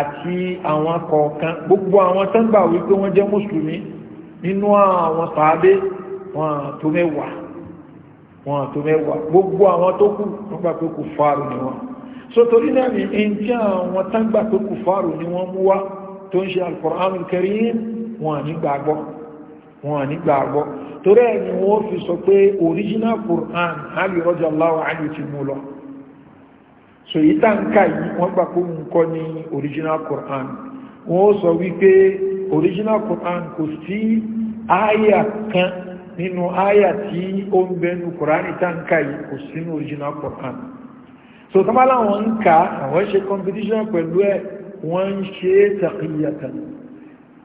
àti àwọn kọ̀ọ̀kan gbogbo àwọn tó ń gbà wípé wọ́n jẹ́ mùsùlùmí nínú àwọn sàábé wọn tó mẹ́wàá wọn tó mẹ́wàá gbogbo àwọn tó kù wọ́n gbà pé kò fàárù ni wọn sótórí náà ni ẹni tí àwọn tó ń fàárù ni wọ́n mú wá tó ń ṣe al-Qur'an al-Karim wọn nígbàgbọ́ wọn nígbàgbọ́ torí ẹ̀ ni wọ́n fi sọ pé original Quran ha radiyallahu anhu ti mú lọ so yìí ń ká yìí wọ́n gbà kọ́ original Quran wọ́n sọ wípé original Quran kò sí àyà kan nínú àyà tí ó ń bẹnu Quran tá ń ká yìí kò sí ní original Quran so ń ká àwọn ṣe competition pẹ̀lú ẹ̀ wọ́n ń ṣe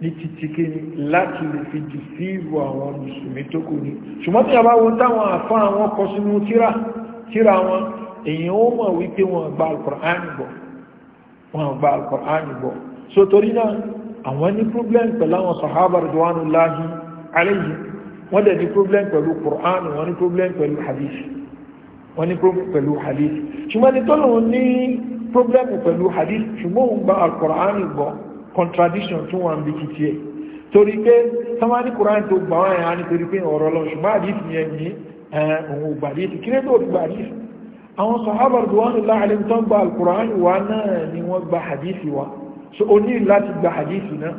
ní títí kéni láti lè fi jù sí ìwò àwọn mùsùlùmí tó kù ní ṣùgbọ́n tí a bá wo táwọn àfá àwọn kọ sínú tíra tíra wọn èyàn ó mọ̀ wípé wọn gba alkùránì bọ̀ wọn gba alkùránì bọ̀ so torí náà àwọn ní problem pẹ̀lú àwọn sahaba ridwanullahi alayhi wọ́n dẹ̀ ní problem pẹ̀lú kùránì wọ́n ní problem pẹ̀lú hadith wọ́n ní problem pẹ̀lú hadith ṣùgbọ́n ní tọ́lọ̀ ní problem pẹ̀lú hadith ṣùgbọ́n òun gba alkùránì bọ̀ contradiction tún wà ń bí kìtì ẹ̀ torí pé sọ́mọ́ ní kùránì tó gbà wọ́n yà ní torí pé ọ̀rọ̀ lọ ṣùgbọ́n àdífì yẹn ní òun ògbà àdífì kí lẹ́tọ̀ ògbà àdífì àwọn sọ̀hábà rùdùwánùlá àlẹ́mtọ́n gba alkùránì wa náà ni wọ́n gba àdífì wa so o ní láti gba àdífì náà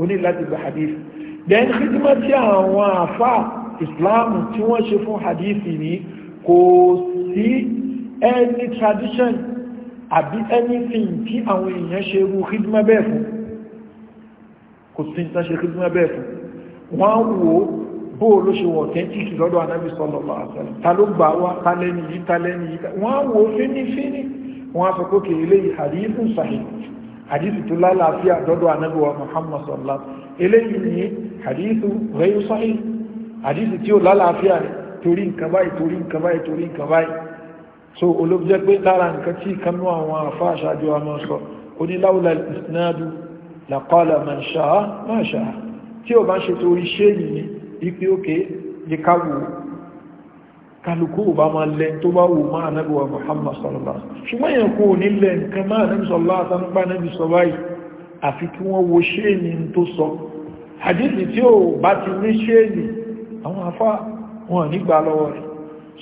o ní láti gba àdífì then kìtìmọ̀ tí àwọn àfà ìsìláàmù tí wọ́n ṣe fún àdífì ní kò sí any tradition àbí anything tí àwọn èèyàn ṣe irú hidima bẹ́ẹ̀ fún kò sí ìtàn ṣe hidima bẹ́ẹ̀ fún wọ́n wò ó bó o ló ṣe wọ̀ tẹ́ńtíkì lọ́dọ̀ sallallahu alaihi wasallam ta ló gbà wá ta lẹ́ni yìí ta lẹ́ni yìí wọ́n wò ó fínífíní wọ́n á sọ pé kì í lè hadithun sahih hadithu tó lálàáfíà lọ́dọ̀ anábì wa muhammad sallallahu eléyìí ni hadithu ghayr sahih hadithu tí ó lálàáfíà torí nǹkan báyìí torí nǹkan báyìí torí nǹkan báyìí so olóbi jẹ́ pé lára nǹkan tí ìkanú àwọn afá aṣáájú wa máa sọ oníláwùlà ìsinádù làkọ́lá máa ṣáá máa ṣáá tí o bá ṣe tó rí ṣé yìí ipi òkè ní káwù kálukú ò bá máa lẹ tó bá wù máa nábi wa Muhammad sọlọ́lá ṣùgbọ́n yẹn kò ní lẹ nǹkan máa nábi sọlọ́lá àtàǹgbà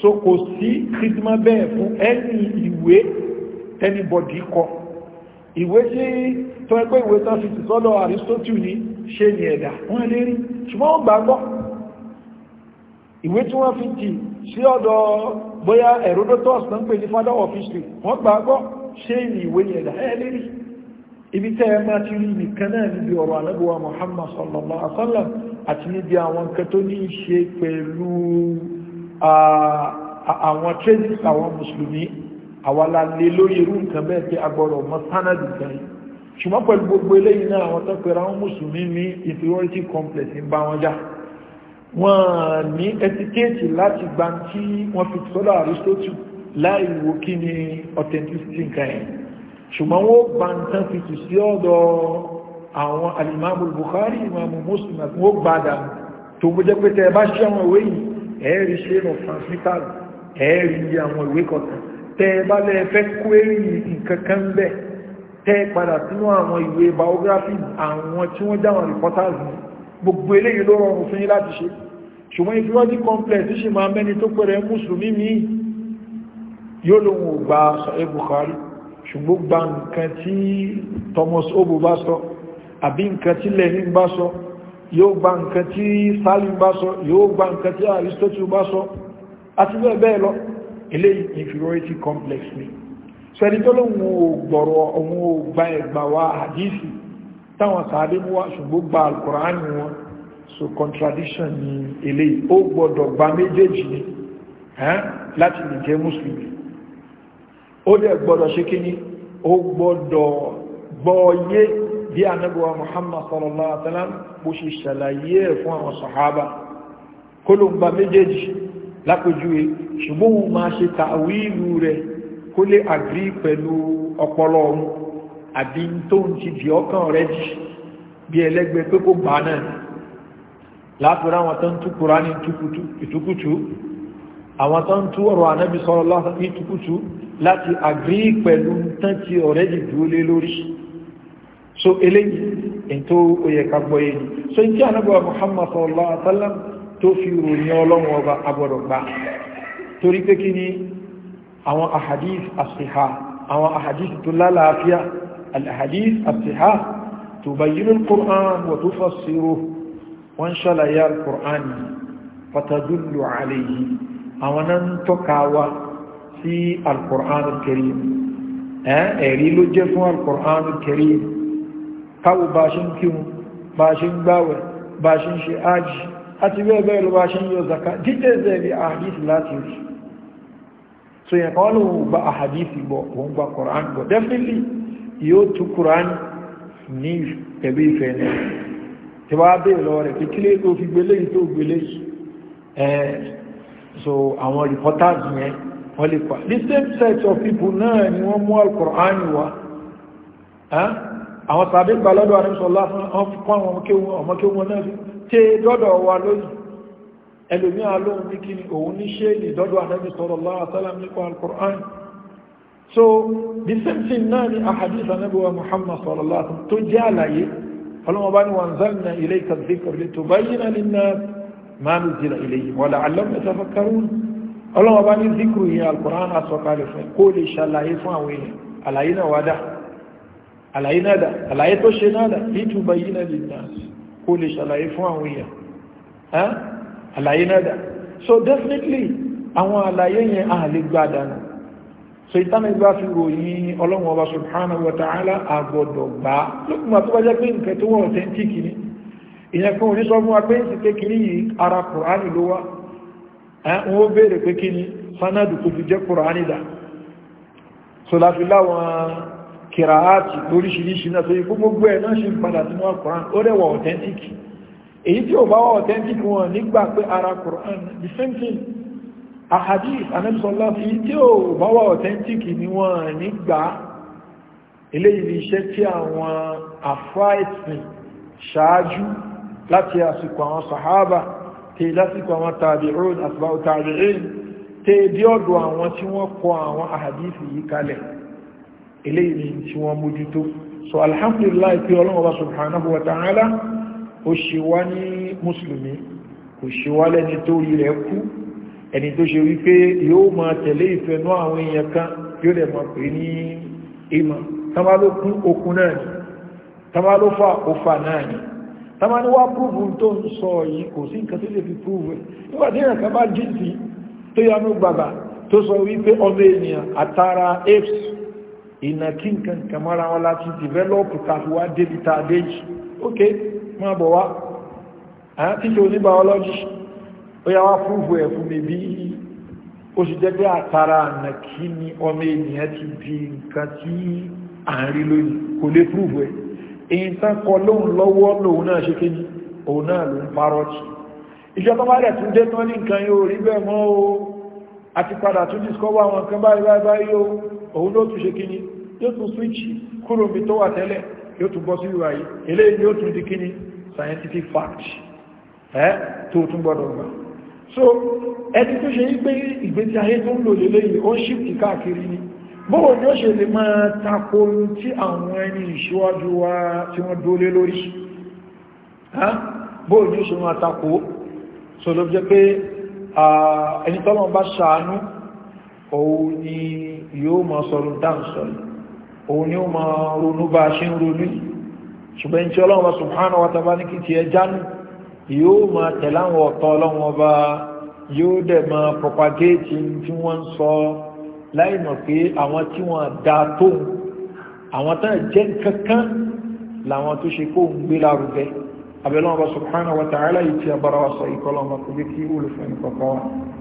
so kò sí kìdìmọ́ bẹ́ẹ̀ fún ẹni ìwé tẹ́nibọ̀dì kọ ìwé tí tó ẹgbẹ́ ìwé tán fi tìsọ́dọ̀ Aristotle ní ṣe ní ẹ̀dà wọ́n lè rí ṣùgbọ́n wọ́n gbàgbọ́ ìwé tí wọ́n fi tì sí ọ̀dọ̀ bóyá Herodotus náà pè ní father of history wọ́n gbàgbọ́ ṣe ní ìwé ní ẹ̀dà ẹ̀ lè rí ibi tẹ́ ẹ máa ti rí nìkan náà níbi ọ̀rọ̀ anábíwá Muhammad sallallahu alaihi wasallam àti níbi àwọn nǹkan tó ní í ṣe pẹ̀lú àwọn traces àwọn mùsùlùmí àwàlá lè lórí irú nǹkan bẹ́ẹ̀ pé agbọ́rọ̀ mọ́ sanadi gan yìí ṣùgbọ́n pẹ̀lú gbogbo eléyìí náà àwọn tó pera wọn mùsùlùmí ní inferiority complex ń bá wọn já wọ́n ní etiquette láti gba tí wọ́n fi sọ́dọ̀ Aristotle láì wo kí ni authenticity nǹkan yẹn ṣùgbọ́n wọ́n gba nǹkan fi tù sí ọ̀dọ̀ àwọn alimamu Bukhari imamu Muslim àti wọ́n gbadà tó gbọ́jẹ́ pé tẹ́ ẹ bá ṣe àwọn ẹ̀ẹ́rì ṣéènù transmitter ẹ̀ẹ́rì iye àwọn ìwé kọ̀ọ̀kan tẹ́ ẹ bá lẹ́ fẹ́ kó èrì nǹkan kan bẹ́ tẹ́ ẹ padà sínú àwọn ìwé biographies àwọn tí wọ́n jáwọn reporters ní gbogbo eléyìí ló rọrùn fún yín láti ṣe ṣùgbọ́n ìfúrọ́jì complex ṣì máa mẹ́ni tó pẹ̀rẹ̀ mùsùlùmí mi yóò lóun ò gba sọ̀rọ̀ Bukhari ṣùgbọ́n gba nǹkan tí Thomas Obu bá sọ àbí nǹkan tí Lenin bá sọ yóò gba nǹkan tí salim bá sọ yóò gba nǹkan tí aristotle bá sọ àti bẹ́ẹ̀ bẹ́ẹ̀ lọ eléyìí inferiority complex ni sẹ́ni tó lóun ò gbọ̀rọ̀ òun ò gba ẹ̀gbà wa àdísì táwọn sàádé mú wa ṣùgbọ́n gba alukùránì wọn so contradiction ni eléyìí ó gbọ́dọ̀ gba méjèèjì ni láti lè jẹ́ mùsùlùmí ó dẹ̀ gbọ́dọ̀ ṣe kíní ó gbọ́dọ̀ gbọ́ọ̀yé bí anábíwá muhammad sallallahu alaihi wasallam bó ṣe ṣàlàyé ẹ̀ fún àwọn sàhábà kó ló ń gba méjèèjì lápèjúwe ṣùgbọ́n òun máa ṣe tàwílù rẹ̀ kó lè àgírí pẹ̀lú ọpọlọ òun àbí tó ń ti di ọkàn rẹ̀ jì bí ẹlẹ́gbẹ́ pé kó gbà náà láàpẹ̀rọ àwọn tó ń tú kùránì ìtùkùtù àwọn tó ń tú ọ̀rọ̀ ànábì sallallahu láti àgírí pẹ̀lú tán ti ọ̀rẹ́dì dúó lé lórí so eléyìí ètò oyè ká gbọ́ yé ni so ní tí anábọ̀ Muhammad sallallahu alaihi wa sallam tó fi ròyìn ọlọ́run ọba agbọ́dọ̀ gbà torí pé kí ni àwọn ahadith asiha àwọn ahadith tó lálàáfíà alahadith asiha tubayyinu al-Qur'an wa tufassiruhu wọ́n ṣàlàyé al-Qur'an fatadullu alayhi àwọn náà ń tọ́ka wa sí al-Qur'an al-Karim ẹ̀rí ló jẹ́ káwò bá ṣe ń kírun bá ṣe ń gbáwẹ̀ bá ṣe ń ṣe ájì àti bẹ́ẹ̀ bẹ́ẹ̀ lọ bá ṣe zaka dítẹ́ zẹ̀rí àhàdìsì láti rí so yẹn kan lóun gba àhàdìsì gbọ́ òun gba koran gbọ́ definitely yóò tú koran ní pẹ̀lú ìfẹ́ náà tí wàá bèèrè lọ rẹ̀ pé kí lè tó fi gbélé yìí tó gbélé yìí so àwọn reporters yẹn wọ́n lè pa the same set of people náà ni wọ́n mú al-Qur'an wá àwọn tàbí gbà lọ́dọ̀ àrísọ́lá fún àwọn ọmọkéwù wọn náà tí lọ́dọ̀ wa lóyìn ẹlòmí alóhun ní kí ni òun ní ṣe ní dọ́dọ̀ ànábì sallallahu alaihi wasallam nípa so the same thing náà ni ahadith ànábì wa Muhammad sallallahu alaihi wasallam tó jẹ́ àlàyé ọlọ́mọba ni wanzalna ilayka dhikra litubayyina linnas ma nuzila ilayhim wa la'allahum yatafakkarun ọlọ́mọba ní zikru yìí al-Qur'an asọ̀kalẹ̀ fún àlàyé náà dà àlàyé tó ṣe náà dà nítùbà yìí náà lè dà kó lè ṣàlàyé fún àwọn èèyàn àlàyé náà so definitely àwọn àlàyé yẹn a lè gbà dànù so ìtànà ìgbà fi ròyìn ọlọ́run ọba subhanahu wa ta'ala àgbọ̀dọ̀ gbà lókùn àti wájá pé nǹkan tó wọ́n authentic ni ìyẹn kan òní sọ fún wa pé ń sì pé kí ní ara kùránì ló wá wọ́n béèrè pé kí ní sanadu tó fi jẹ́ kùránì dà so láfi láwọn kìràáàtì lóríṣìíríṣìí náà tó yí gbogbo ẹ̀ náà ṣe ń padà sínú Al-Qur'an ó rẹwà authentic èyí tí ó bá wà authentic wọn nígbà pé ara Qur'an the same thing ahadith anẹ́bísọ́lá fi tí ó bá wà authentic ni wọ́n nígbà eléyìí iṣẹ́ tí àwọn afáìsìn ṣáájú láti àsìkò àwọn sahaba tí lásìkò àwọn tabi'un asba'u tabi'in tí bí ọ̀dọ̀ àwọn tí wọ́n kọ àwọn eléyìí tí wọ́n mójútó so alhamdulillah pé ọlọ́run ọba subhanahu wa ta'ala ó ṣe wá ní mùsùlùmí kò ṣe wá lẹ́ni tó rí rẹ̀ kú ẹni tó ṣe wípé yóò máa tẹ̀lé ìfẹ́nú àwọn èèyàn kan yóò lè máa pè ní ìmọ̀ tàbá ló kún okun náà ni tàbá ló fà òfà náà ni tàbá ní wá púrùfù tó ń sọ yìí kò sí nǹkan tó lè fi púrùfù nígbàtí ìrìn kan bá jíǹsì tó yanú gbàgbà tó sọ wípé ọmọ ènìyàn àtàrà apes ìnàkí nǹkan kàmọ́ra wọn láti dìvẹ́lọ́pù tàbí wá débi tàbí jì ok máa bọ̀ wá àwọn títí oníbàọ́lọ́jì ó yá wá fúnfù ẹ̀ fún mi bí ó sì jẹ́ pé àtàrà ànàkí ni ọmọ ènìyàn ti di nǹkan tí à ń rí lónìí kò lè fúnfù ẹ̀ èyí tán kọ lóhun lọ́wọ́ lòun náà ṣe kéyìn òun náà ló ń parọ́ tì ìjọba bá rẹ̀ tún dé tán ní nǹkan yóò rí bẹ́ẹ̀ mọ́ o àti padà tún discover àwọn nǹkan báyìí báyìí báyìí o òun ló tún ṣe kíní yóò tún switch kúrò mi tó wà tẹ́lẹ̀ yóò tún bọ́ sí ìwà yìí eléyìí yóò tún di kíní scientific fact ẹ́ tó tún gbọ́dọ̀ gbà so ẹni tó ṣe wípé ìgbésí ayé tó ń lò lélẹ́yìn ó ń ṣípì káàkiri ni bóò ni ó ṣe lè máa tako tí àwọn ẹni ìṣíwájú wa tí wọ́n dólé lórí bóò ni ó ṣe máa tako so ló jẹ́ pé ẹni tọ́lọ́ bá ṣàánú òun ni yóò máa sọ̀rọ̀ dáǹsọ̀ òun ni ó máa ronú bá a ṣe ń ronú ṣùgbọ́n tí ọlọ́run subhanahu wa ta'ala ní kí ti ẹ jánu yóò máa tẹ̀lé àwọn ọ̀tọ̀ ọlọ́run ọba yóò dẹ̀ máa propagate tí wọ́n ń sọ láì mọ̀ pé àwọn tí wọ́n da tóun àwọn tán jẹ́ kankan làwọn tó ṣe kó ń gbé lárugẹ abẹ́lẹ́ ọba subhanahu wa ta'ala yìí sọ ìkọlọ́mọ kò bí kí olùfẹ́ nìkan kan wa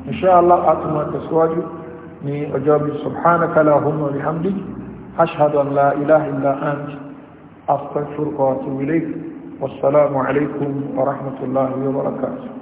insha Allah àtúmọ̀ ní ọjọ́ bí subhanaka lahumma wa bihamdik ashhadu an la ilaha illa ant astaghfiruka wa atubu ilayk wassalamu alaikum wa rahmatullahi wa barakatuh